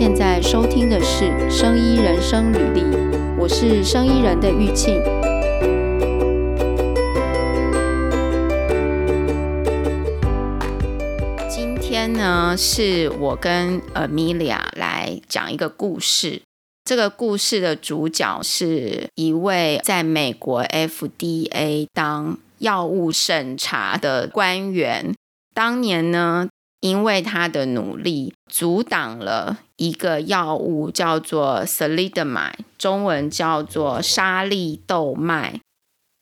現在收聽的是《生醫人生旅歷》，我是生醫人的玉慶。今天呢，是我跟 Amelia 來講一個故事。這個故事的主角是一位在美國 FDA 當藥物審查的官員。當年呢。因為他的努力，阻擋了一個藥物叫做 Thalidomide，中文叫做沙利豆麥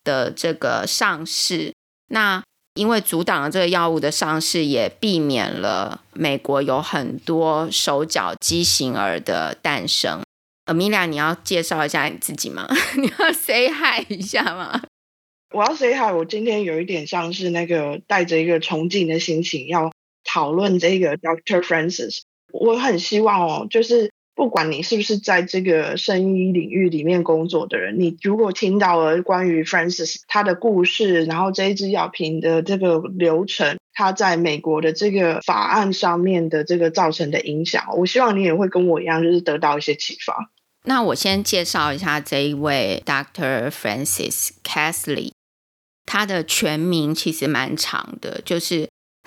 的這個上市。那因為阻擋了這個藥物的上市，也避免了美國有很多手腳畸形兒的誕生。Amelia，你要介紹一下你自己嗎？你要 say hi 一下嗎？我要 say hi。我今天有一點像是那個帶着一個崇敬的心情要。討論這個 Dr. Frances，我很希望哦，就是不管你是不是在這個生醫領域裡面工作的人，你如果聽到了關於 Frances 他的故事，然後這一支藥品的這個流程，他在美國的這個法案上面的這個造成的影響，我希望你也會跟我一樣，就是得到一些啟發。那我先介紹一下這一位 Dr. Frances Kelsey，他的全名其實蠻長的，就是。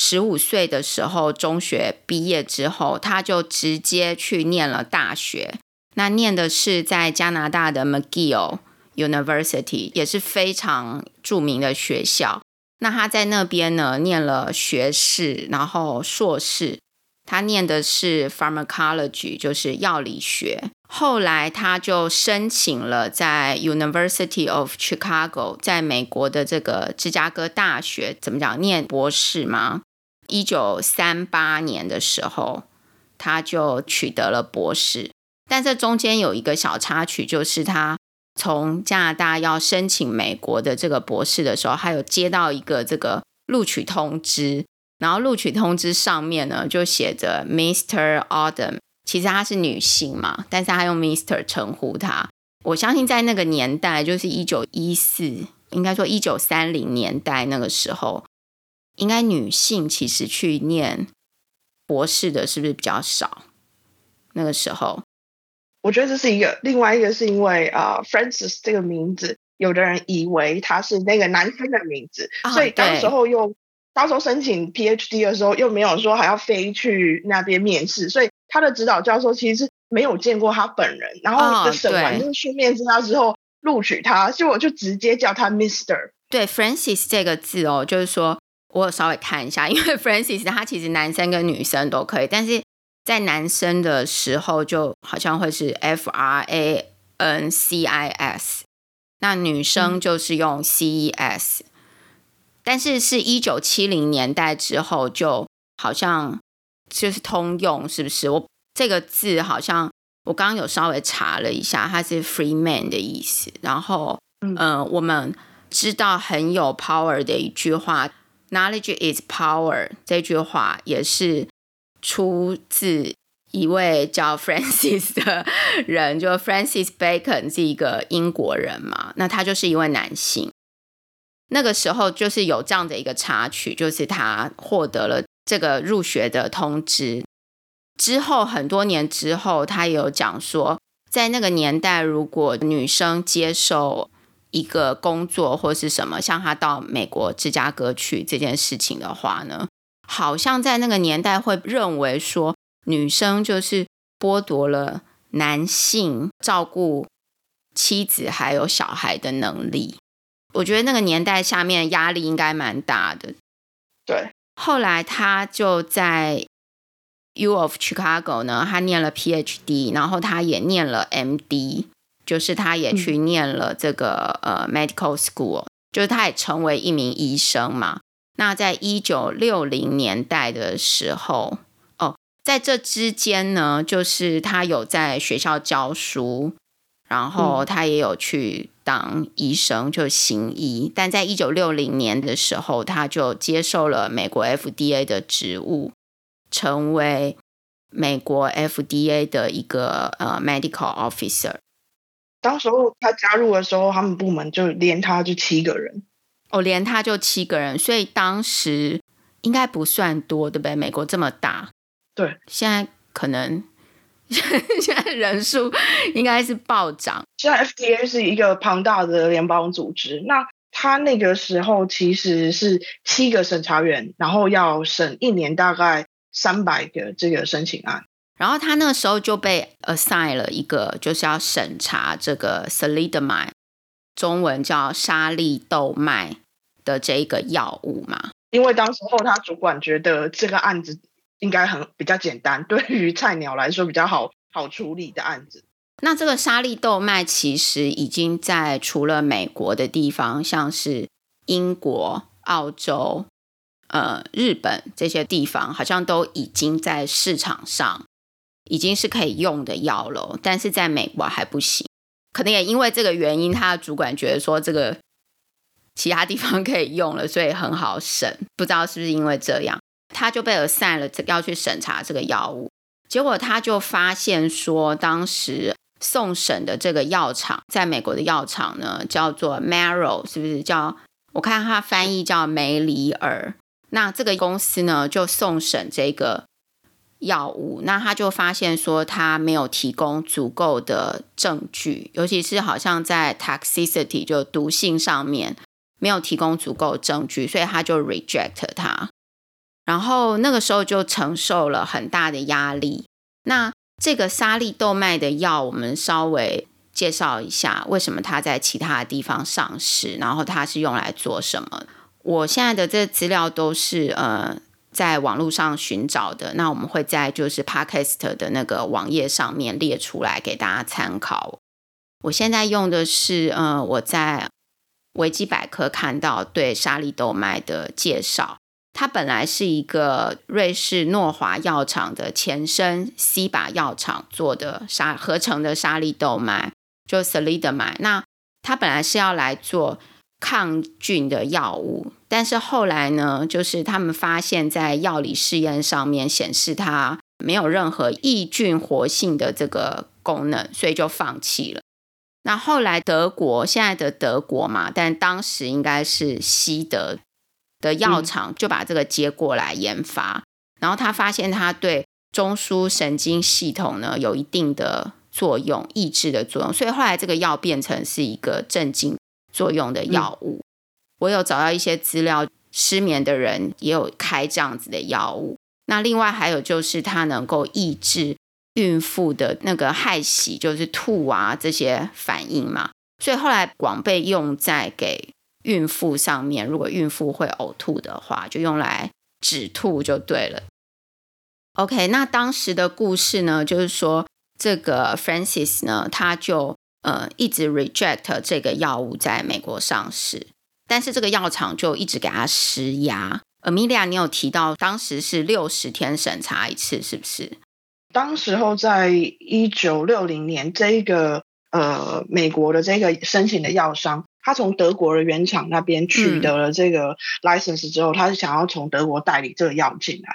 十五歲的時候，中學畢業之後，他就直接去念了大學。那念的是在加拿大的 McGill University，也是非常著名的學校。那他在那邊呢，念了學士，然後碩士。他念的是 Pharmacology，就是藥理學。後來他就申請了在 University of Chicago，在美國的這個芝加哥大學，怎麼講，念博士嗎？一九三八年的時候，他就取得了博士。但這中間有一個小插曲，就是他從加拿大要申請美國的這個博士的時候，還有接到一個這個錄取通知。然後錄取通知上面呢，就寫着 Mr. Oldham，其實她是女性嘛，但是她用 Mr. 稱呼她。我相信在那個年代，就是一九一四，應該說一九三零年代那個時候。應該女性其實去念博士的是不是比較少？那個時候，我覺得這是一個另外一個是因為啊、呃、，Frances 這個名字，有的人以為他是那個男生的名字，哦、所以到時候又到時候申請 PhD 的時候又沒有說還要飛去那邊面試，所以他的指導教授其實是沒有見過他本人，然後就審完、哦、就是、去面試他之後錄取他，所以我就直接叫他 Mr 對。對，Frances 這個字哦，就是說。我稍微看一下，因為 Francis 他其實男生跟女生都可以，但是在男生的時候就好像會是 F R A N C I S，那女生就是用 C E S，、嗯、但是是一九七零年代之後就好像就是通用，是不是？我這個字好像我剛剛有稍微查了一下，它是 free man 的意思。然後，嗯，呃、我們知道很有 power 的一句話。Knowledge is power，這句話也是出自一位叫 Francis 的人，就 Francis Bacon 是一個英國人嘛，那他就是一位男性。那個時候就是有這樣的一個插曲，就是他獲得了這個入學的通知之後，很多年之後，他也有講說，在那個年代，如果女生接受。一個工作或者是什麼，像他到美國芝加哥去這件事情的話呢，好像在那個年代會認為說女生就是剝奪了男性照顧妻子還有小孩的能力。我覺得那個年代下面壓力應該蠻大的。對，後來他就在 U of Chicago 呢，他念了 PhD，然後他也念了 MD。就是他也去念了這個呃 medical school，嗯、就是他也成為一名醫生嘛。那在一九六零年代的時候，哦，在這之間呢，就是他有在學校教書，然後他也有去當醫生就行醫。嗯、但在一九六零年的時候，他就接受了美國 FDA 的職務，成為美國 FDA 的一個呃 medical officer。當時候他加入的時候，他們部門就連他就七個人。哦，連他就七個人，所以當時應該不算多，對不對？美國這麼大，對，現在可能現在人數應該是暴漲。現在 FDA 是一個龐大的聯邦組織，那他那個時候其實是七個審查員，然後要審一年大概三百個這個申請案。然後他那個時候就被 assign 了一個，就是要審查這個 Thalidomide 中文叫沙利竇邁的這一個藥物嘛。因為當時候他主管覺得這個案子應該很比較簡單，對於菜鳥來說比較好好處理的案子。那這個沙利竇邁其實已經在除了美國的地方，像是英國、澳洲，呃，日本這些地方，好像都已經在市場上。已經是可以用的藥了，但是在美國還不行，可能也因為這個原因，他的主管覺得說，這個其他地方可以用了，所以很好審，不知道是不是因為這樣，他就被而塞了要去審查這個藥物，結果他就發現說，當時送審的這個藥廠在美國的藥廠呢，叫做 Merrell，是不是？叫，我看他翻譯叫梅里爾。那這個公司呢，就送審這個。藥物，那他就發現說他沒有提供足夠的證據，尤其是好像在 toxicity 就毒性上面沒有提供足夠的證據，所以他就 reject 了它。然後那個時候就承受了很大的壓力。那這個沙利竇邁的藥，我們稍微介紹一下為什麼它在其他地方上市，然後它是用來做什麼。我現在的這資料都是呃。嗯在網絡上尋找的，那我們會在就是 Podcast 的那個網頁上面列出來給大家參考。我現在用的是，嗯，我在維基百科看到對沙利竇邁的介紹，它本來是一個瑞士諾華藥廠的前身西巴藥廠做的沙合成的沙利竇邁，就 Thalidomide。那它本來是要來做。抗菌的藥物，但是後來呢，就是他們發現在藥理試驗上面顯示它沒有任何抑菌活性的這個功能，所以就放棄了。那後來德國現在的德國嘛，但當時應該是西德的藥廠就把這個接過來研發，嗯、然後他發現它對中樞神經系統呢有一定的作用，抑制的作用，所以後來這個藥變成是一個鎮靜。作用的藥物。嗯，我有找到一些資料，失眠的人也有開這樣子的藥物。那另外還有就是，它能夠抑制孕婦的那個害喜，就是吐啊這些反應嘛。所以後來廣被用在給孕婦上面，如果孕婦會嘔吐的話，就用來止吐就對了。OK，那當時的故事呢，就是說這個 Frances 呢，他就。呃，一直 reject 這個藥物在美國上市，但是這個藥廠就一直給他施壓。Amelia，你有提到當時是六十天審查一次，是不是？當時候在一九六零年，這個呃，美國的這個申請的藥商，他從德國的原廠那邊取得了這個 license 之後，嗯、他是想要從德國代理這個藥進來，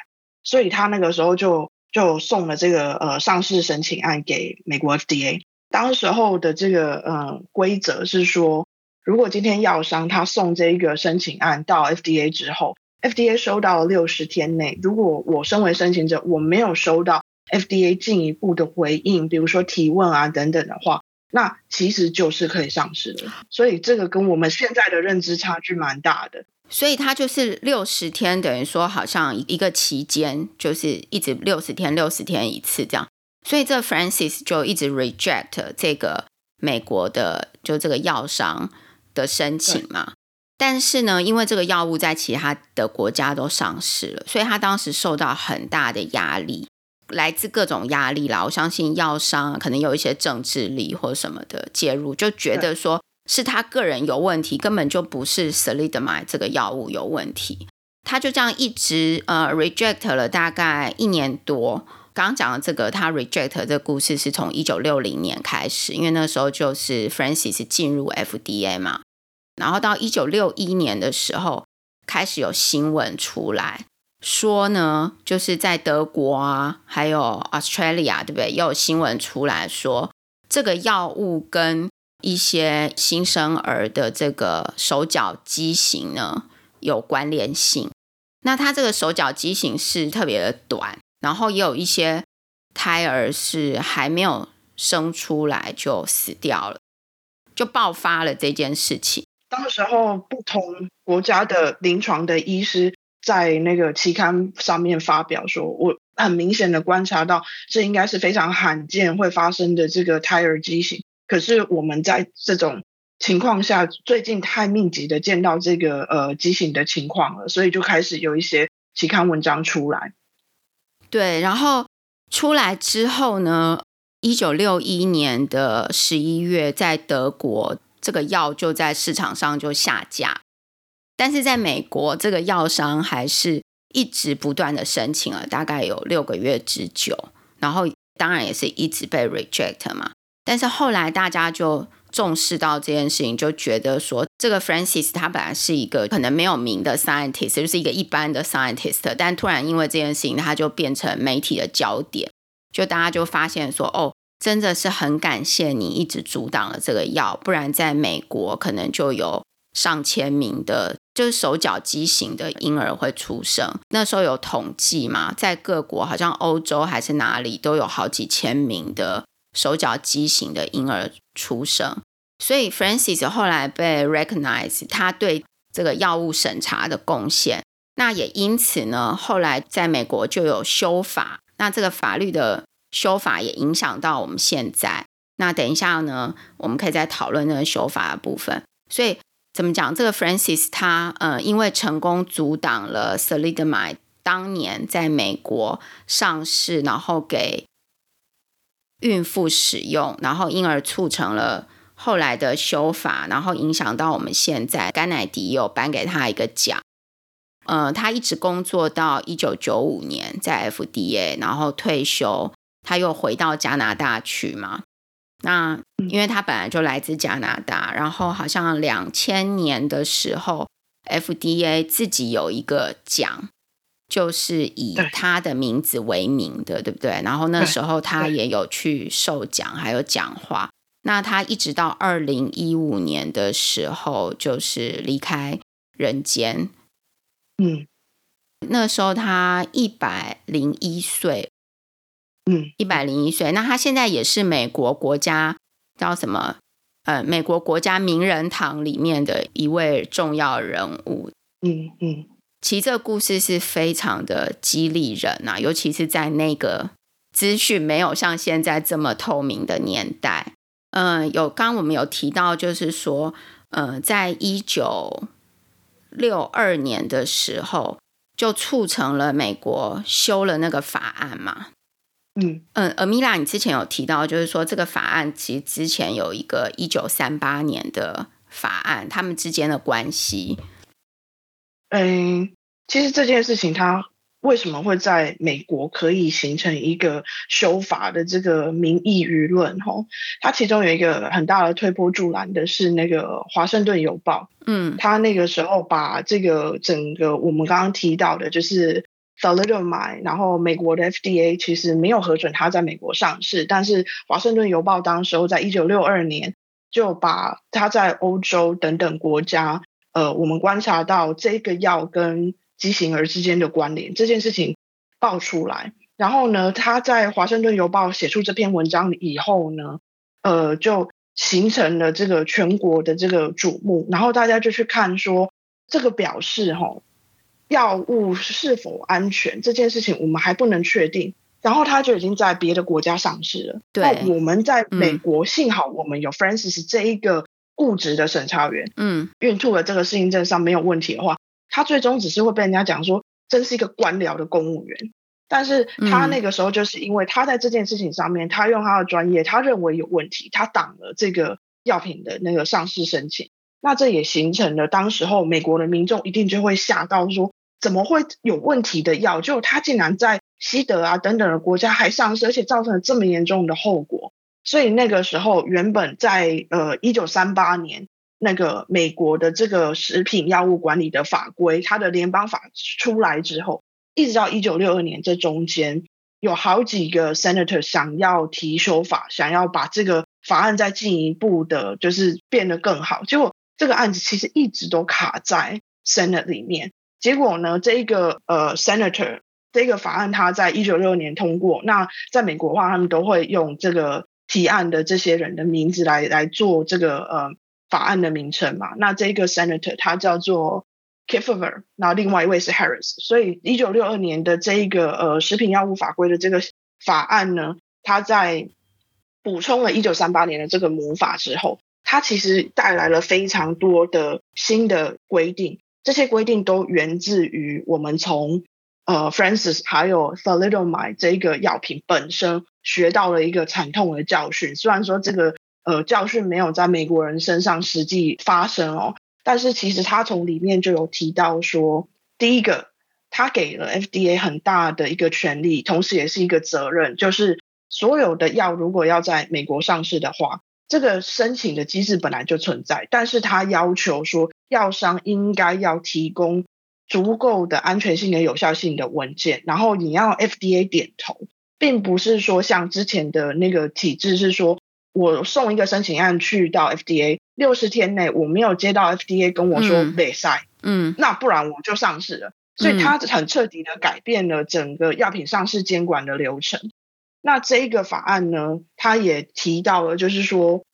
所以他那個時候就就送了這個呃上市申請案給美國 FDA。當時候的這個嗯規則是說，如果今天藥商他送這個申請案到 FDA 之後，FDA 收到了六十天內，如果我身為申請者我沒有收到 FDA 進一步的回應，比如說提問啊等等的話，那其實就是可以上市的。所以這個跟我們現在的認知差距蠻大的。所以它就是六十天，等於說好像一個期間，就是一直六十天，六十天一次這樣。所以這 Francis 就一直 reject 這個美國的就這個藥商的申請嘛，但是呢，因為這個藥物在其他的國家都上市了，所以他當時受到很大的壓力，來自各種壓力啦。我相信藥商啊，可能有一些政治力或什麼的介入，就覺得說是他個人有問題，根本就不是沙利竇邁這個藥物有問題。他就這樣一直呃 reject 了大概一年多。剛剛講的這個，他 reject 的這個故事是從一九六零年開始，因為那時候就是 Frances 進入 FDA 嘛，然後到一九六一年的時候，開始有新聞出來，說呢，就是在德國啊，還有 Australia 對不對，又有新聞出來說，這個藥物跟一些新生兒的這個手腳畸形呢有關聯性，那他這個手腳畸形是特別的短。然後也有一些胎兒是還沒有生出來就死掉了，就爆發了這件事情。當時候不同國家的臨床的醫師在那個期刊上面發表說，我很明顯的觀察到這應該是非常罕見會發生的這個胎兒畸形。可是我們在這種情況下最近太密集的見到這個，呃，畸形的情況了，所以就開始有一些期刊文章出來。對，然後出來之後呢，一九六一年的十一月，在德國，這個藥就在市場上就下架。但是在美國，這個藥商還是一直不斷的申請了，大概有六個月之久，然後當然也是一直被 reject 了嘛。但是後來大家就重視到這件事情，就覺得說這個 Frances 他本來是一個可能沒有名的 scientist，就是一個一般的 scientist，但突然因為這件事情，他就變成媒體的焦點，就大家就發現說，哦，真的是很感謝你一直阻擋了這個藥，不然在美國可能就有上千名的，就是手腳畸形的嬰兒會出生。那時候有統計嘛，在各國好像歐洲還是哪裡都有好幾千名的。手腳畸形的嬰兒出生，所以 Frances 後來被 recognized 他對這個藥物審查的貢獻。那也因此呢，後來在美國就有修法，那這個法律的修法也影響到我們現在。那等一下呢，我們可以再討論那個修法的部分。所以怎麼講？這個 Frances 他呃，因為成功阻擋了 Thalidomide 當年在美國上市，然後給孕婦使用，然後因而促成了後來的修法，然後影響到我們現在。甘乃迪有頒給她一個獎，呃、嗯，她一直工作到一九九五年在 FDA，然後退休，她又回到加拿大去嘛。那因為她本來就來自加拿大，然後好像兩千年的時候，FDA 自己有一個獎。就是以他的名字為名的，對，對不對？然後那時候他也有去受獎，還有講話。那他一直到二零一五年的時候，就是離開人間。嗯，那時候他一百零一歲。嗯，一百零一歲。那他現在也是美國國家叫什麼？呃，美國國家名人堂裡面的一位重要人物。嗯嗯。其實這個故事是非常的激勵人吶、啊，尤其是在那個資訊沒有像現在這麼透明的年代。嗯，有，剛剛我們有提到，就是說，呃、嗯，在一九六二年的時候，就促成了美國修了那個法案嘛。嗯嗯，呃，Amelia，你之前有提到，就是說這個法案其實之前有一個一九三八年的法案，他們之間的關係。嗯，其實這件事情它為什麼會在美國可以形成一個修法的這個民意輿論？吼，它其中有一個很大的推波助瀾的是那個《華盛頓郵報》。嗯，他那個時候把這個整個我們剛剛提到的，就是 Thalidomide，然後美國的 FDA 其實沒有核准它在美國上市，但是《華盛頓郵報》當時候在一九六二年就把它在歐洲等等國家。呃，我們觀察到這個藥跟畸形兒之間的關聯這件事情爆出來，然後呢，他在《華盛頓郵報》寫出這篇文章以後呢，呃，就形成了這個全國的這個矚目，然後大家就去看說這個表示哈、哦、藥物是否安全這件事情，我們還不能確定。然後他就已經在別的國家上市了。對。那我們在美國，嗯、幸好我們有 Frances 這一個。固執的審查員，嗯，孕吐了這個適應症上沒有問題的話，他最終只是會被人家講說，真是一個官僚的公務員。但是他那個時候就是因為他在這件事情上面，他用他的專業，他認為有問題，他擋了這個藥品的那個上市申請。那這也形成了當時候美國的民眾一定就會嚇到說，怎麼會有問題的藥？就他竟然在西德啊等等的國家還上市，而且造成了這麼嚴重的後果。所以那個時候，原本在呃一九三八年那個美國的這個食品藥物管理的法規，它的聯邦法出來之後，一直到一九六二年這中間，有好幾個 senator 想要提修法，想要把這個法案再進一步的，就是變得更好。結果這個案子其實一直都卡在 senate 裡面。結果呢，這一個呃 senator 這個法案，它在一九六二年通過。那在美國的話，他們都會用這個。提案的這些人的名字來來做這個呃法案的名稱嘛？那這個 senator 他叫做 Kefauver，那另外一位是 Harris。所以一九六二年的這一個呃食品藥物法規的這個法案呢，它在補充了一九三八年的這個母法之後，它其實帶來了非常多的新的規定。這些規定都源自於我們從呃 Frances 還有沙利竇邁這個藥品本身，學到了一個慘痛的教訓，雖然說這個呃教訓沒有在美國人身上實際發生哦，但是其實他從裡面就有提到說，第一個他給了 FDA 很大的一個權力，同時也是一個責任，就是所有的藥如果要在美國上市的話，這個申請的機制本來就存在，但是他要求說藥商應該要提供足夠的安全性和有效性的文件，然後你要 FDA 點頭。並不是說像之前的那個體制是說，我送一個申請案去到 FDA，六十天內我沒有接到 FDA 跟我說嗯，嗯，那不然我就上市了。所以它很徹底的改變了整個藥品上市監管的流程。那這個法案呢，它也提到了，就是說，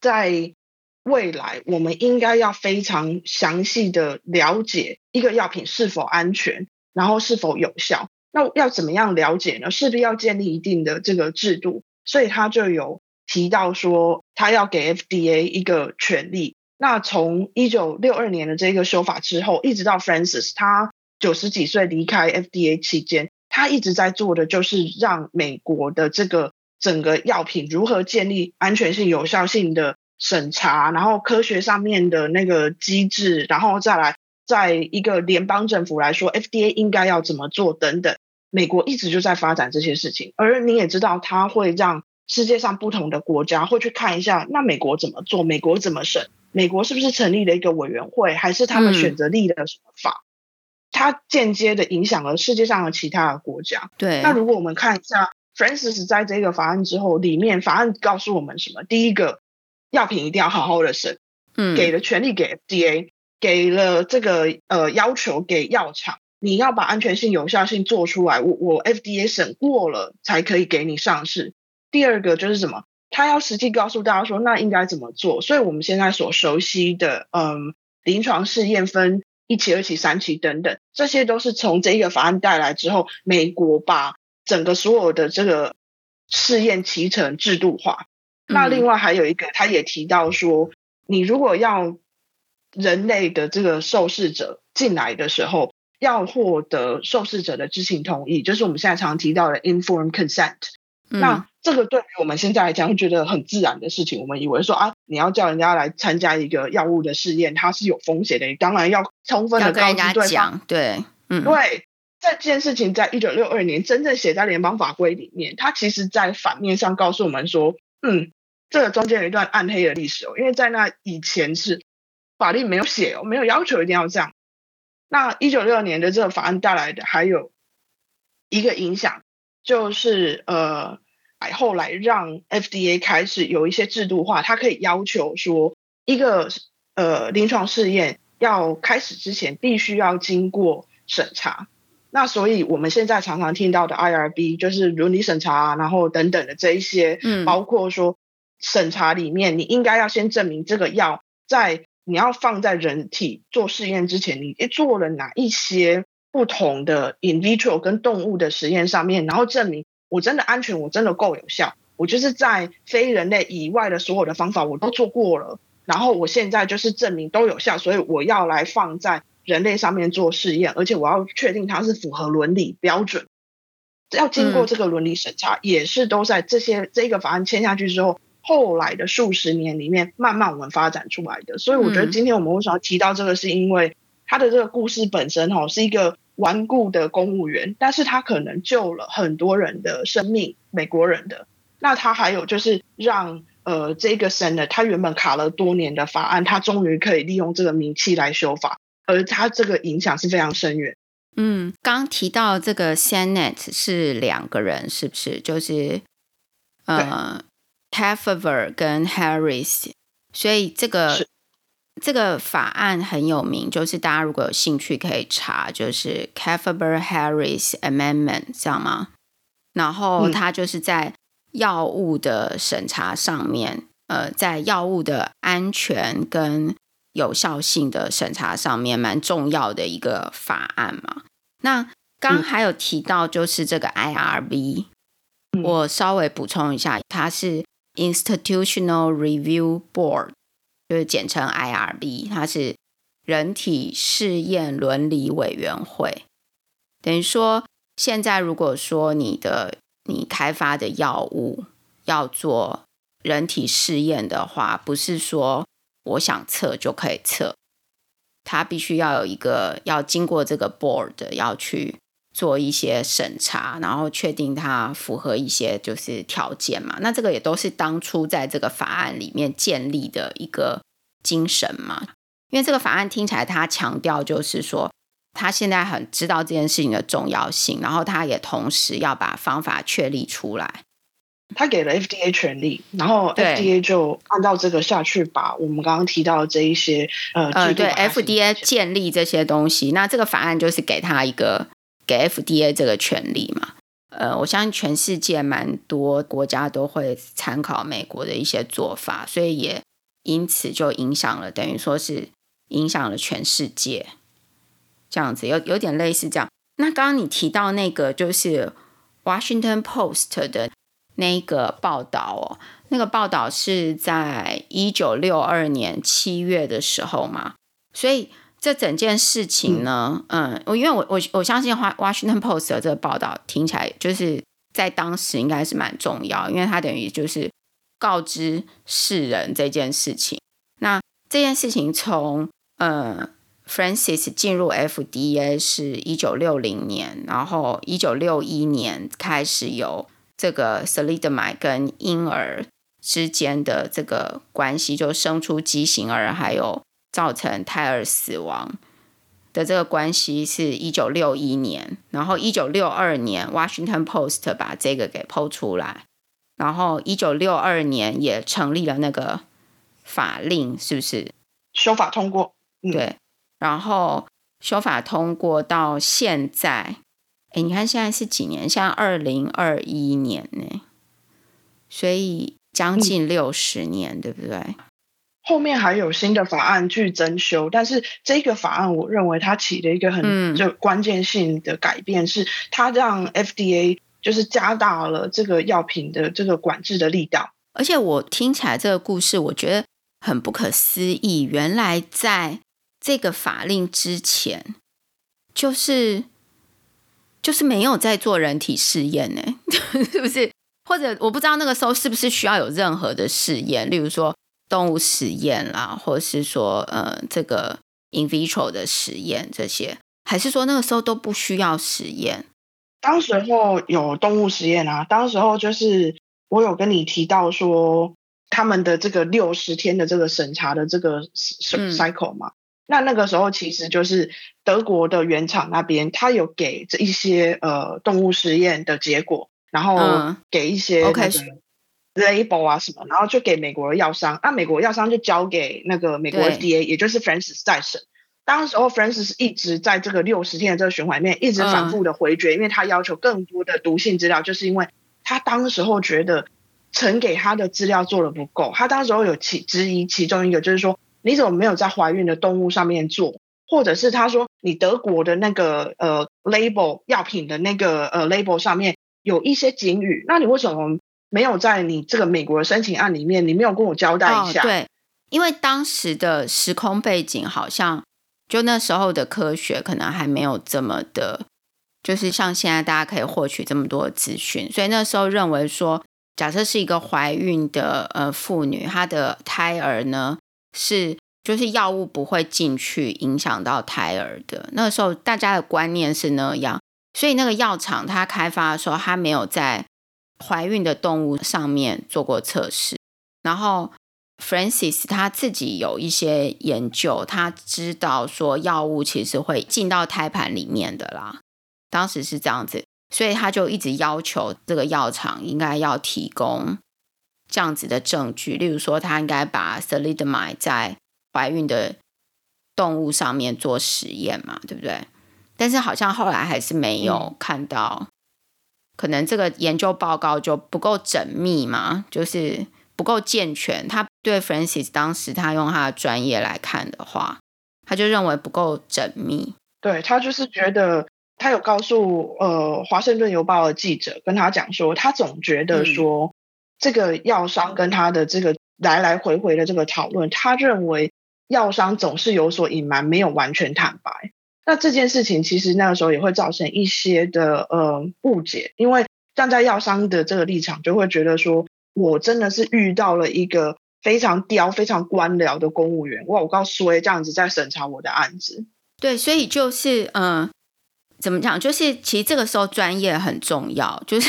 在未來我們應該要非常詳細的了解一個藥品是否安全，然後是否有效。那要怎麼樣了解呢？勢必要建立一定的這個制度，所以他就有提到說，他要給 FDA 一個權力。那從一九六二年的這個修法之後，一直到 Frances 他九十幾歲離開 FDA 期間，他一直在做的就是讓美國的這個整個藥品如何建立安全性、有效性的審查，然後科學上面的那個機制，然後再來在一個聯邦政府來說，FDA 應該要怎麼做等等。美國一直就在發展這些事情，而你也知道，它會讓世界上不同的國家會去看一下，那美國怎麼做？美國怎麼審？美國是不是成立了一個委員會，還是他們選擇立了什麼法？嗯、它間接的影響了世界上的其他的國家。對，那如果我們看一下，Francis 在這個法案之後裡面，法案告訴我們什麼？第一個，藥品一定要好好的審，嗯，給了權利給 FDA，給了這個呃要求給藥廠。你要把安全性、有效性做出來，我我 FDA 審過了才可以給你上市。第二個就是什麼？他要實際告訴大家說，那應該怎麼做？所以我們現在所熟悉的，嗯，臨床試驗分一期、二期、三期等等，這些都是從這一個法案帶來之後，美國把整個所有的這個試驗流程制度化，嗯。那另外還有一個，他也提到說，你如果要人類的這個受試者進來的時候。要獲得受試者的知情同意，就是我們現在常，常提到的 informed consent。嗯、那這個對於我們現在來講，會覺得很自然的事情。我們以為說啊，你要叫人家來參加一個藥物的試驗，它是有風險的，你當然要充分的告知對方。對，嗯，因為在這件事情在1962年，在一九六二年真正寫在聯邦法規裡面，它其實，在反面上告訴我們說，嗯，這個中間有一段暗黑的歷史哦，因為在那以前是法律沒有寫哦，沒有要求一定要這樣。那一九六二年的這個法案帶來的還有一個影響，就是呃，哎，後來讓 FDA 開始有一些制度化，它可以要求說，一個呃臨床試驗要開始之前必須要經過審查。那所以我們現在常常聽到的 IRB 就是倫理審查，然後等等的這一些，包括說審查裡面你應該要先證明這個藥在。你要放在人體做試驗之前，你做了哪一些不同的 in vitro 跟動物的實驗上面，然後證明我真的安全，我真的夠有效，我就是在非人類以外的所有的方法我都做過了，然後我現在就是證明都有效，所以我要來放在人類上面做試驗，而且我要確定它是符合倫理標準，要經過這個倫理審查，嗯，也是都在這些這個法案簽下去之後。後來的數十年裡面，慢慢我們發展出來的。所以我覺得今天我們為什麼要提到這個，是因為、嗯、他的這個故事本身、哦，哈，是一個頑固的公務員，但是他可能救了很多人的生命，美國人的。那他還有就是讓呃這個 senator 他原本卡了多年的法案，他終於可以利用這個名氣來修法，而他這個影響是非常深遠。嗯，剛提到這個 senate 是兩個人，是不是？就是呃。Kefauver 跟 Harris，所以這個這個法案很有名，就是大家如果有興趣可以查，就是 Kefauver Harris Amendment，知道嗎？然後它就是在藥物的審查上面、嗯，呃，在藥物的安全跟有效性的審查上面蠻重要的一個法案嘛。那剛,剛還有提到就是這個 IRB，、嗯、我稍微補充一下，它是。Institutional Review Board 就是簡稱 IRB，它是人體試驗倫理委員會。等於說，現在如果說你的你開發的藥物要做人體試驗的話，不是說我想測就可以測，它必須要有一個，要經過這個 board，要去。做一些審查，然後確定它符合一些就是條件嘛。那這個也都是當初在這個法案裡面建立的一個精神嘛。因為這個法案聽起來，他強調就是說，他現在很知道這件事情的重要性，然後他也同時要把方法確立出來。他給了 FDA 權力，然後 FDA 就按照這個下去，把我們剛剛提到的這一些呃，啊、對，對 FDA 建立這些東西、嗯，那這個法案就是給他一個。給 FDA 這個權利嘛，呃，我相信全世界蠻多國家都會參考美國的一些做法，所以也因此就影響了，等於說是影響了全世界，這樣子有有點類似這樣。那剛剛你提到那個就是《Washington Post》的那個報道哦，那個報道是在1962年七月的時候嘛，所以。這整件事情呢，嗯，我、嗯、因為我我我相信《Washington Post》的這個報道聽起來就是在當時應該是蠻重要，因為它等於就是告知世人這件事情。那這件事情從呃、嗯、Francis 進入 FDA 是一九六零年，然後一九六一年開始有這個沙利竇邁跟嬰兒之間的這個關係就生出畸形兒，還有。造成胎兒死亡的這個關係是1961年，然後1962年 Washington Post 把這個給 po 出來，然後1962年也成立了那個法令，是不是？修法通過。嗯、對。然後修法通過到現在，哎，你看現在是幾年？現在2021年呢，所以將近六十年，嗯，對不對？後面還有新的法案去增修，但是這個法案我認為它起了一個很就關鍵性的改變，是它讓 FDA 就是加大了這個藥品的這個管制的力道。而且我聽起來這個故事，我覺得很不可思議。原來在這個法令之前，就是就是沒有在做人體試驗呢，是不是？或者我不知道那個時候是不是需要有任何的試驗，例如說。動物實驗啦，或是說呃，這個 in vitro 的實驗這些，還是說那個時候都不需要實驗？當時候有動物實驗啊，當時候就是我有跟你提到說他們的這個六十天的這個審查的這個 cycle 嘛、嗯，那那個時候其實就是德國的原廠那邊，他有給這一些呃動物實驗的結果，然後給一些、嗯、OK。label 啊什麼，然後就給美國的藥商，那美國藥商就交給那個美國的 FDA，也就是 Frances 再審。當時 Frances 一直在這個六十天的這個循環裡面，一直反覆的回絕、嗯，因為他要求更多的毒性資料，就是因為他當時候覺得呈給他的資料做的不夠。他當時候有其質疑其中一個，就是說你怎麼沒有在懷孕的動物上面做，或者是他說你德國的那個呃 label 藥品的那個呃 label 上面有一些警語，那你為什麼？沒有在你這個美國的申請案裡面，你沒有跟我交代一下。哦，對，因為當時的時空背景好像，就那時候的科學可能還沒有這麼的，就是像現在大家可以獲取這麼多的資訊，所以那時候認為說，假設是一個懷孕的呃婦女，她的胎兒呢是就是藥物不會進去影響到胎兒的。那時候大家的觀念是那樣，所以那個藥廠它開發的時候，它沒有在懷孕的動物上面做過測試，然後 Frances 他自己有一些研究，他知道說藥物其實會進到胎盤裡面的啦，當時是這樣子，所以他就一直要求這個藥廠應該要提供這樣子的證據，例如說他應該把 Thalidomide 在懷孕的動物上面做實驗嘛，對不對？但是好像後來還是沒有看到，嗯。可能這個研究報告就不夠縝密嘛，就是不夠健全。他對 Frances 當時他用他的專業來看的話，他就認為不夠縝密。對，他就是覺得他有告訴呃華盛頓郵報的記者，跟他講說，他總覺得說、嗯、這個藥商跟他的這個來來回回的這個討論，他認為藥商總是有所隱瞞，沒有完全坦白。那這件事情其實那個時候也會造成一些的呃誤解，因為站在藥商的這個立場，就會覺得說，我真的是遇到了一個非常刁、非常官僚的公務員。哇，我告訴你這樣子在審查我的案子。對，所以就是嗯、呃，怎麼講？就是其實這個時候專業很重要。就是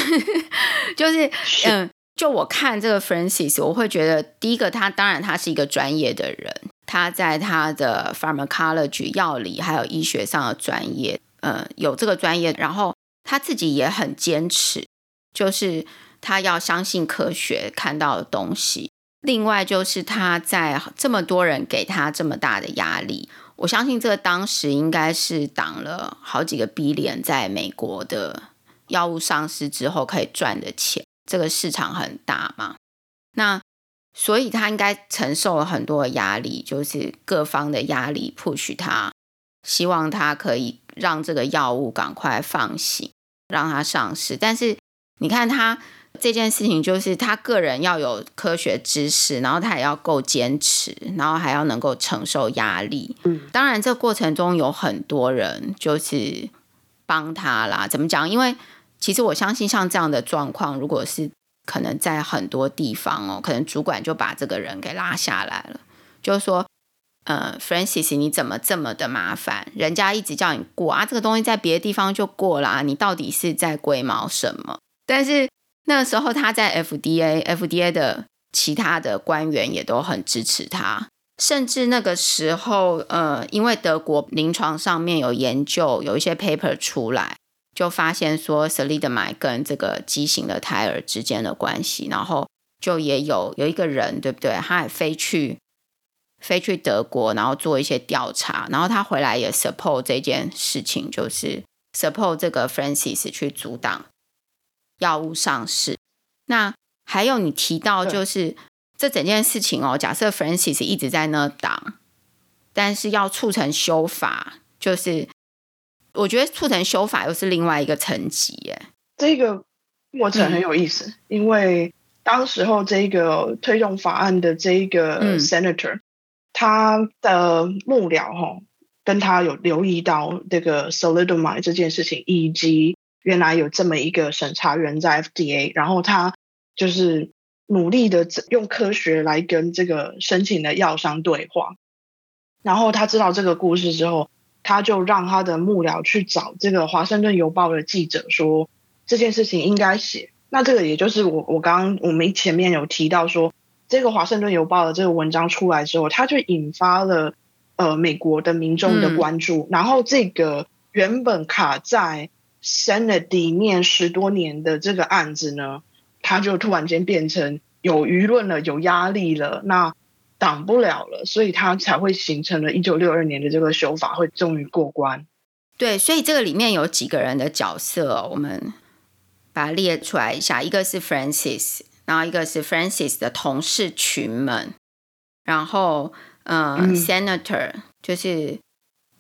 就是,是嗯，就我看這個 Frances，我會覺得第一個，他當然他是一個專業的人。他在他的 pharmacology 藥理還有醫學上的專業，嗯，有這個專業，然後他自己也很堅持，就是他要相信科學看到的東西。另外就是他在這麼多人給他這麼大的壓力，我相信這個當時應該是擋了好幾個 billion 在美國的藥物上市之後可以賺的錢，這個市場很大嘛。那。所以他應該承受了很多的壓力，就是各方的壓力，push 他，希望他可以讓這個藥物趕快放行，讓他上市。但是你看他這件事情，就是他個人要有科學知識，然後他也要夠堅持，然後還要能夠承受壓力。嗯，當然這過程中有很多人就是幫他啦。怎麼講？因為其實我相信像這樣的狀況，如果是可能在很多地方哦，可能主管就把這個人給拉下來了，就說：“呃，Frances，你怎麼這麼的麻煩？人家一直叫你過啊，這個東西在別的地方就過了啊，你到底是在龜毛什麼？”但是那個時候他在 FDA，FDA 的其他的官員也都很支持他，甚至那個時候，呃，因為德國臨床上面有研究，有一些 paper 出來。就發現說，沙利竇邁跟這個畸形的胎兒之間的關係，然後就也有有一個人，對不對？他也飛去飛去德國，然後做一些調查，然後他回來也 support 這件事情，就是 support 這個 Francis 去阻擋藥物上市。那還有你提到，就是、嗯、這整件事情哦，假設 Francis 一直在那擋，但是要促成修法，就是。我覺得促成修法又是另外一個層級，哎，這個過程很有意思、嗯，因為當時候這個推動法案的這個 senator，、嗯、他的幕僚、哦、跟他有留意到這個 thalidomide 這件事情，以及原來有這麼一個審查員在 FDA，然後他就是努力的用科學來跟這個申請的藥商對話，然後他知道這個故事之後。他就讓他的幕僚去找這個《華盛頓郵報》的記者說，這件事情應該寫。那這個也就是我我剛剛，我們前面有提到說，這個《華盛頓郵報》的這個文章出來之後，它就引發了呃美國的民眾的關注、嗯。然後這個原本卡在 Senate 面十多年的這個案子呢，它就突然間變成有輿論了，有壓力了。那擋不了了，所以他才會形成了。一九六二年的這個修法會終於過關。對，所以這個裡面有幾個人的角色，哦，我們把它列出來一下。一個是 Francis，然後一個是 Francis 的同事群們，然後呃、嗯嗯、Senator 就是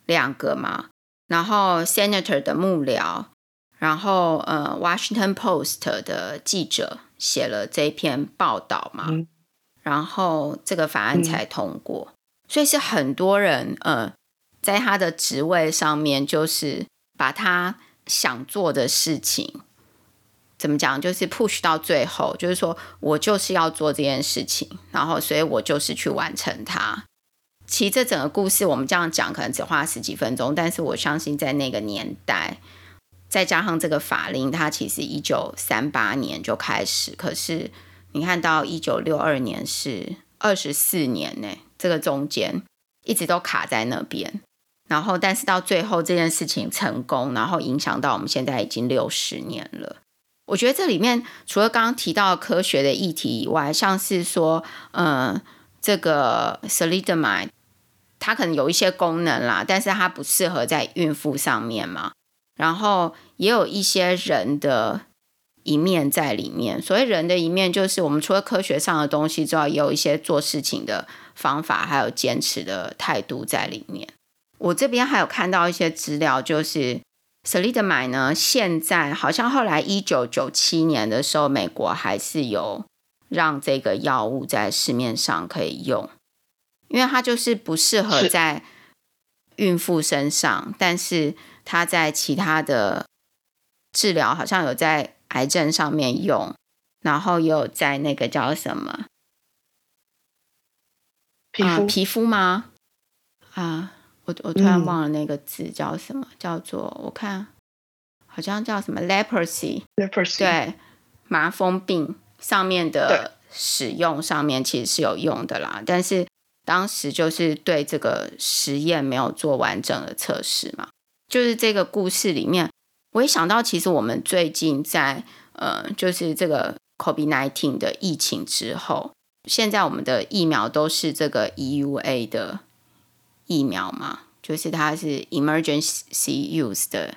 兩個嘛，然後 Senator 的幕僚，然後呃、嗯、Washington Post 的記者寫了這一篇報道嘛。嗯然後這個法案才通過。嗯，所以是很多人，呃，在他的職位上面，就是把他想做的事情，怎麼講，就是 push 到最後，就是說我就是要做這件事情，然後所以我就是去完成它。其實這整個故事我們這樣講，可能只花十幾分鐘，但是我相信在那個年代，再加上這個法令，它其實一九三八年就開始，可是。你看到一九六二年，是二十四年呢、欸，這個中間一直都卡在那邊，然後但是到最後這件事情成功，然後影響到我們現在已經六十年了。我覺得這裡面除了剛剛提到的科學的議題以外，像是說，嗯、呃，這個 Thalidomide 它可能有一些功能啦，但是它不適合在孕婦上面嘛，然後也有一些人的。一面在裡面，所以人的一面，就是我們除了科學上的東西之外，也有一些做事情的方法，還有堅持的態度在裡面。我這邊還有看到一些資料，就是沙利竇邁呢，現在好像後來一九九七年的時候，美國還是有讓這個藥物在市面上可以用，因為它就是不適合在孕婦身上，但是它在其他的治療好像有在癌症上面用，然後又在那個叫什麼皮膚、呃、皮膚嗎？啊、呃，我我突然忘了那個字叫什麼，嗯、叫做我看好像叫什麼 leprosy leprosy，對，麻風病上面的使用上面其實是有用的啦，但是當時就是對這個實驗沒有做完整的測試嘛，就是這個故事裡面。我一想到，其實我們最近在呃，就是這個 COVID-19 的疫情之後，現在我們的疫苗都是這個 EUA 的疫苗嘛，就是它是 Emergency Use 的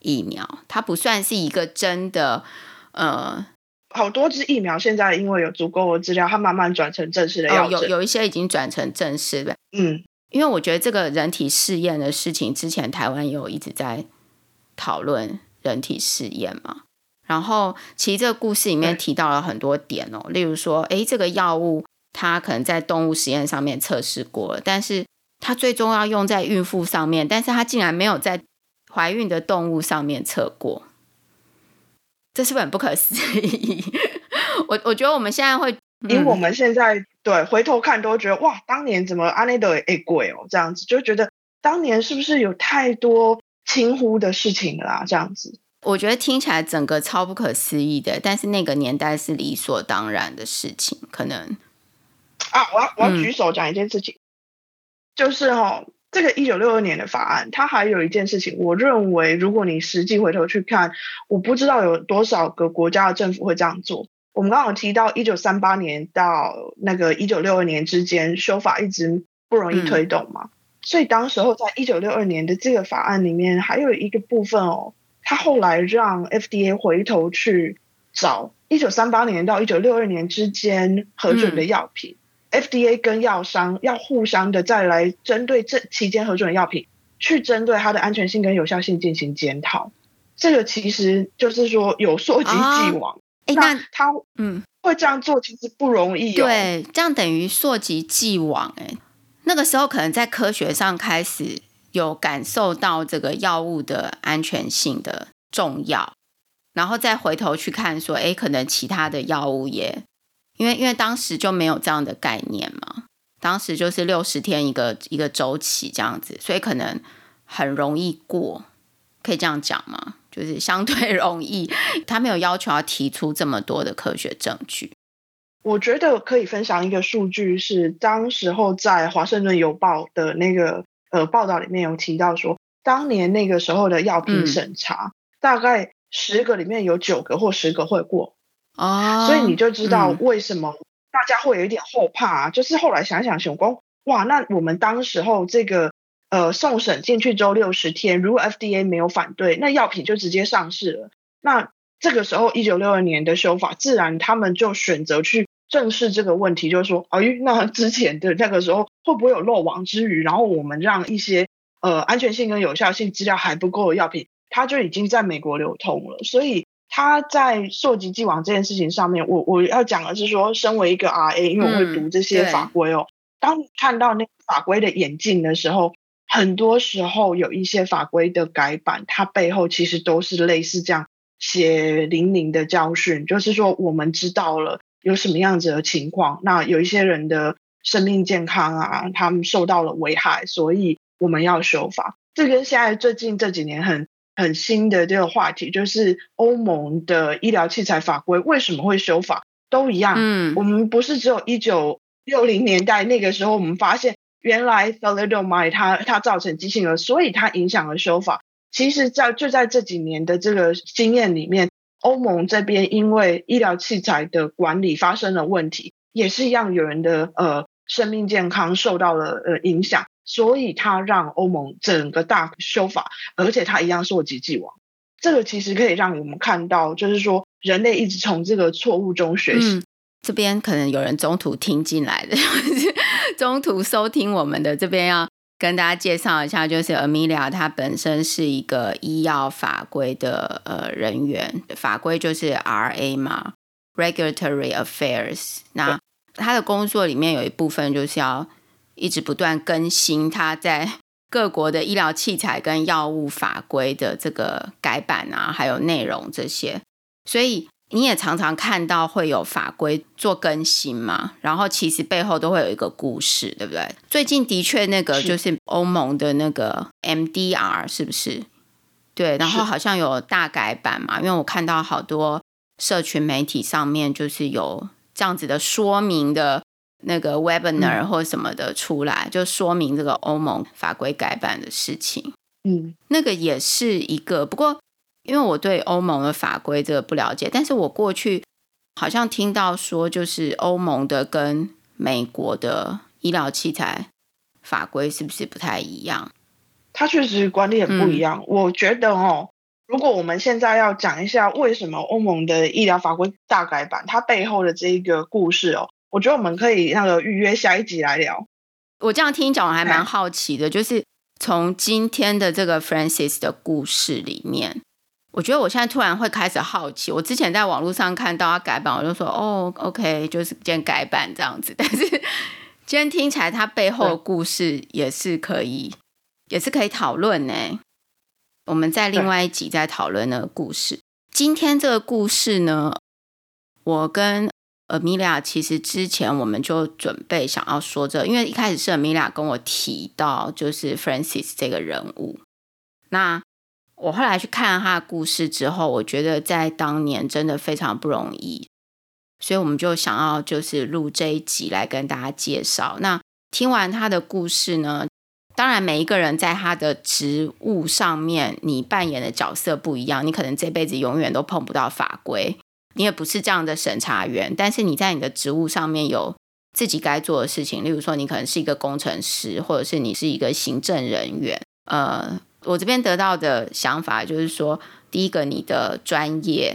疫苗，它不算是一個真的。呃，好多支疫苗現在因為有足夠的資料，它慢慢轉成正式的。哦，有有一些已經轉成正式的。嗯，因為我覺得這個人體試驗的事情，之前台灣也有一直在，討論人體試驗嘛，然後其實這個故事裡面提到了很多點哦，例如說，哎，這個藥物它可能在動物實驗上面測試過了，但是它最終要用在孕婦上面，但是它竟然沒有在懷孕的動物上面測過，這是不是很不可思議？我我覺得我們現在會，嗯、因為我們現在對回頭看都會覺得，哇，當年怎麼阿奈德誒貴哦，這樣子就覺得當年是不是有太多？輕忽的事情啦，這樣子，我覺得聽起來整個超不可思議的，但是那個年代是理所當然的事情，可能啊，我要我要舉手講一件事情，嗯，就是哦，這個一九六二年的法案，它還有一件事情，我認為如果你實際回頭去看，我不知道有多少個國家的政府會這樣做。我們剛剛有提到一九三八年到那個一九六二年之間，修法一直不容易推動嘛。嗯所以，當時候在一九六二年的這個法案裡面，還有一個部分哦，他後來讓 FDA 回頭去找一九三八年到一九六二年之間核准的藥品、嗯、，FDA 跟藥商要互相的再來針對這期間核准的藥品，去針對它的安全性跟有效性進行檢討。這個其實就是說，有溯及既往。哦欸、那,那他嗯，會這樣做其實不容易、哦嗯。對，這樣等於溯及既往、欸。哎。那個時候可能在科學上開始有感受到這個藥物的安全性的重要，然後再回頭去看說，誒，可能其他的藥物也，因為因為當時就沒有這樣的概念嘛，當時就是六十天一個一個週期這樣子，所以可能很容易過，可以這樣講嗎？就是相對容易，他沒有要求要提出這麼多的科學證據。我覺得可以分享一個數據，是當時候在《華盛頓郵報》的那個呃報道裡面有提到說，當年那個時候的藥品審查，嗯，大概十個裡面有九個或十個會過啊，哦，所以你就知道為什麼大家會有一點後怕啊。嗯，就是後來想想，熊工，哇，那我們當時候這個呃送審進去週六十天，如果 FDA 沒有反對，那藥品就直接上市了。那這個時候一九六二年的修法，自然他們就選擇去。正視這個問題，就是說啊，那之前的那個時候會不會有漏網之魚？然後我們讓一些呃安全性跟有效性資料還不夠的藥品，它就已經在美國流通了。所以他在溯及既往這件事情上面，我我要講的是說，身為一個 RA，因為我會讀這些法規哦。嗯、當你看到那個法規的演進的時候，很多時候有一些法規的改版，它背後其實都是類似這樣血淋淋的教訓，就是說我們知道了。有什麼樣子的情況？那有一些人的生命健康啊，他們受到了危害，所以我們要修法。這跟現在最近這幾年很很新的這個話題，就是歐盟的醫療器材法規為什麼會修法，都一樣。嗯，我們不是只有一九六零年代那個時候，我們發現原來 thalidomide 它它造成畸形了，所以它影響了修法。其實在，在就在這幾年的這個經驗裡面。歐盟這邊因為醫療器材的管理發生了問題，也是一樣有人的呃生命健康受到了呃影響，所以他讓歐盟整個大修法，而且他一樣溯及既往。這個其實可以讓我們看到，就是說人類一直從這個錯誤中學習。嗯。這邊可能有人中途聽進來的，中途收聽我們的這邊要、啊。跟大家介紹一下，就是 Amelia，她本身是一個醫藥法規的人呃人員，法規就是 RA 嘛 Regulatory Affairs。那她的工作裡面有一部分就是要一直不斷更新她在各國的醫療器材跟藥物法規的這個改版啊，還有內容這些，所以。你也常常看到會有法規做更新嘛，然後其實背後都會有一個故事，對不對？最近的確那個就是歐盟的那個 MDR 是不是？對，然後好像有大改版嘛，因為我看到好多社群媒體上面就是有這樣子的說明的那個 webinar、嗯、或什麼的出來，就說明這個歐盟法規改版的事情。嗯，那個也是一個，不過。因為我對歐盟的法規這個不了解，但是我過去好像聽到說，就是歐盟的跟美國的醫療器材法規是不是不太一樣？它確實管理很不一樣、嗯。我覺得哦，如果我們現在要講一下為什麼歐盟的醫療法規大改版，它背後的這一個故事哦，我覺得我們可以那個預約下一集來聊。我這樣聽講，我還蠻好奇的、嗯，就是從今天的這個 Francis 的故事裡面。我覺得我現在突然會開始好奇，我之前在網絡上看到他改版，我就說哦，OK，就是今天改版這樣子。但是今天聽起來，他背後的故事也是可以，也是可以討論呢。我們在另外一集再討論那個故事。今天這個故事呢，我跟 Amelia 其實之前我們就準備想要說這個，因為一開始是 Amelia 跟我提到，就是 Frances 這個人物，那。我後來去看了他的故事之後，我覺得在當年真的非常不容易，所以我們就想要就是錄這一集來跟大家介紹。那聽完他的故事呢，當然每一個人在他的職務上面，你扮演的角色不一樣，你可能這輩子永遠都碰不到法規，你也不是這樣的審查員，但是你在你的職務上面有自己該做的事情，例如說你可能是一個工程師，或者是你是一個行政人員，呃。我這邊得到的想法就是說，第一個，你的專業，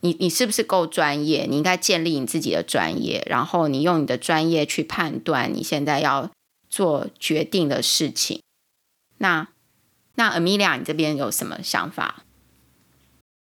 你你是不是夠專業？你應該建立你自己的專業，然後你用你的專業去判斷你現在要做決定的事情。那那 Amelia，你這邊有什麼想法？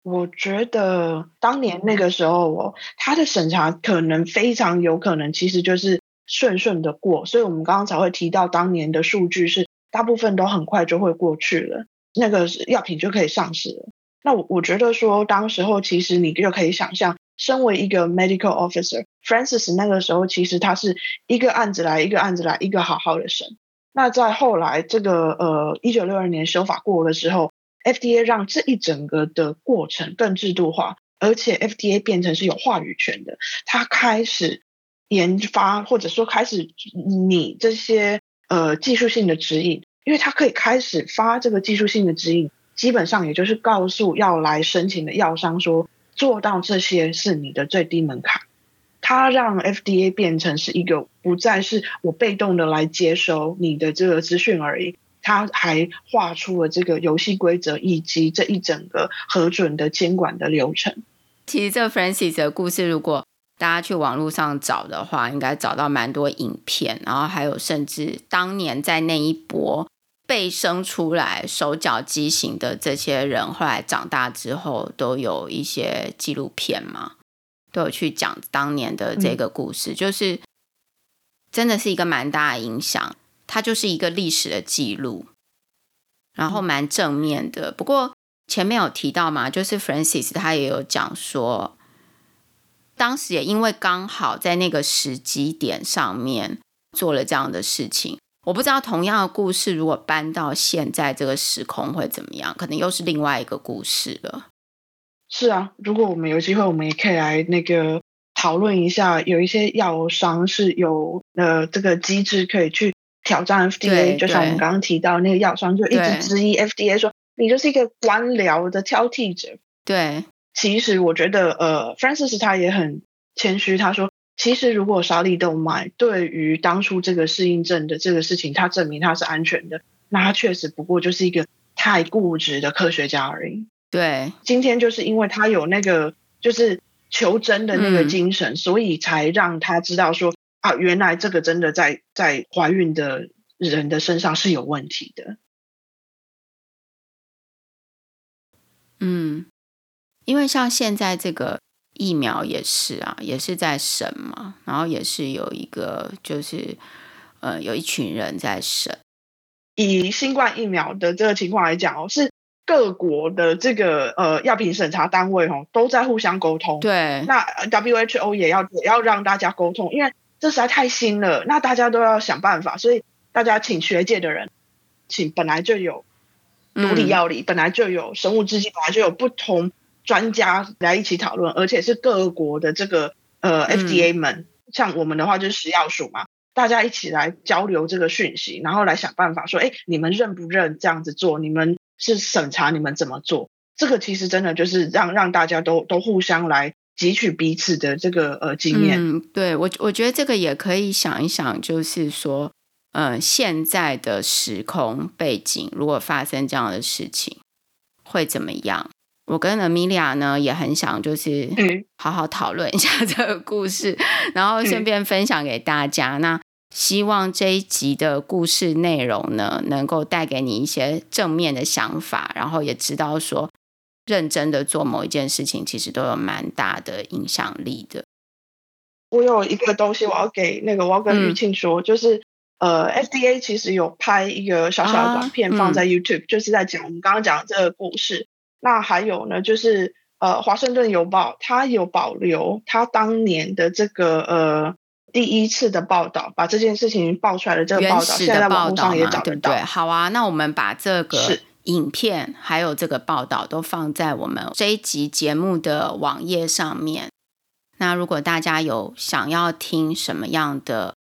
我覺得當年那個時候哦，他的審查可能非常有可能其實就是順順的過，所以我們剛剛才會提到當年的數據是。大部分都很快就會過去了，那個藥品就可以上市了。那我我覺得說，當時候其實你就可以想象，身為一個 medical officer Francis 那個時候，其實他是一個案子來一個案子來一個好好的審。那在後來這個呃1962年修法過的時候 FDA 讓這一整個的過程更制度化，而且 FDA 變成是有話語權的，他開始研發或者說開始擬這些。呃，技術性的指引，因為他可以開始發這個技術性的指引，基本上也就是告訴要來申請的藥商說，做到這些是你的最低門檻。他讓 FDA 變成是一個不再是我被動的來接收你的這個資訊而已，他還畫出了這個遊戲規則以及這一整個核准的監管的流程。其實，這 Frances 的故事如果，大家去網絡上找的話，應該找到蠻多影片，然後還有甚至當年在那一波被生出來手腳畸形的這些人，後來長大之後都有一些紀錄片嘛，都有去講當年的這個故事，嗯、就是真的是一個蠻大的影響，它就是一個歷史的記錄，然後蠻正面的、嗯。不過前面有提到嘛，就是 Frances 他也有講說。當時也因為剛好在那個時機點上面做了這樣的事情，我不知道同樣的故事如果搬到現在這個時空會怎麼樣，可能又是另外一個故事了。是啊，如果我們有機會，我們也可以來那個討論一下。有一些藥商是有呃這個機制可以去挑戰 FDA，就像我們剛剛提到那個藥商就一直質疑 FDA 說你就是一個官僚的挑剔者。對。其實我覺得，呃，Frances 他也很謙虛。他說，其實如果沙利竇邁對於當初這個適應症的這個事情，他證明他是安全的，那他確實不過就是一個太固執的科學家而已。對，今天就是因為他有那個就是求真的那個精神、嗯，所以才讓他知道說，啊，原來這個真的在在懷孕的人的身上是有問題的。嗯。因為像現在這個疫苗也是啊，也是在審嘛，然後也是有一個就是呃，有一群人在審。以新冠疫苗的這個情況來講哦，是各國的這個呃藥品審查單位哦都在互相溝通。對。那 WHO 也要也要讓大家溝通，因為這實在太新了，那大家都要想辦法，所以大家請學界的人，請本來就有毒理藥理，嗯，本來就有生物製劑，本來就有不同，專家來一起討論，而且是各國的這個呃 FDA 們，嗯，像我們的話就是食藥署嘛，大家一起來交流這個訊息，然後來想辦法說，哎，你們認不認這樣子做？你們是審查，你們怎麼做？這個其實真的就是讓讓大家都都互相來汲取彼此的這個呃經驗。嗯，對，我我覺得這個也可以想一想，就是說呃現在的時空背景，如果發生這樣的事情，會怎麼樣？我跟 Amelia 呢也很想，就是好好討論一下這個故事，嗯，然後順便分享給大家，嗯。那希望這一集的故事內容呢，能夠帶給你一些正面的想法，然後也知道說，認真的做某一件事情，其實都有蠻大的影響力的。我有一個東西，我要給那個，我要跟玉慶說，嗯、就是呃，FDA 其實有拍一個小小的短片，放在 YouTube，啊嗯，就是在講我們剛剛講的這個故事。那還有呢，就是呃，華盛頓郵報它有保留它當年的這個呃第一次的報道，把這件事情報出來的這個原始的報道，原始報導現在，在網路上也找得到原始報道嘛對不對，對？好啊，那我們把這個影片還有這個報道都放在我們這一集節目的網頁上面。那如果大家有想要聽什麼樣的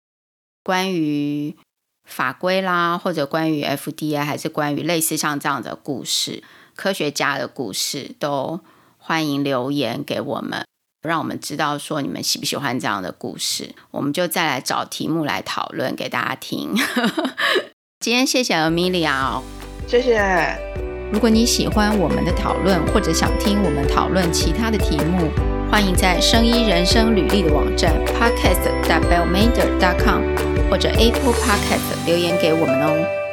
關於法規啦，或者關於 FDA，還是關於類似像這樣的故事？科學家的故事都歡迎留言給我們，讓我們知道說你們喜不喜歡這樣的故事，我們就再來找題目來討論給大家聽。 今天謝謝 Amelia 哦，謝謝。如果你喜歡我們的討論，或者想聽我們討論其他的題目，歡迎在“生醫人生旅歷”的網站 podcast.biomeder.com 或者 Apple Podcast 留言給我們哦。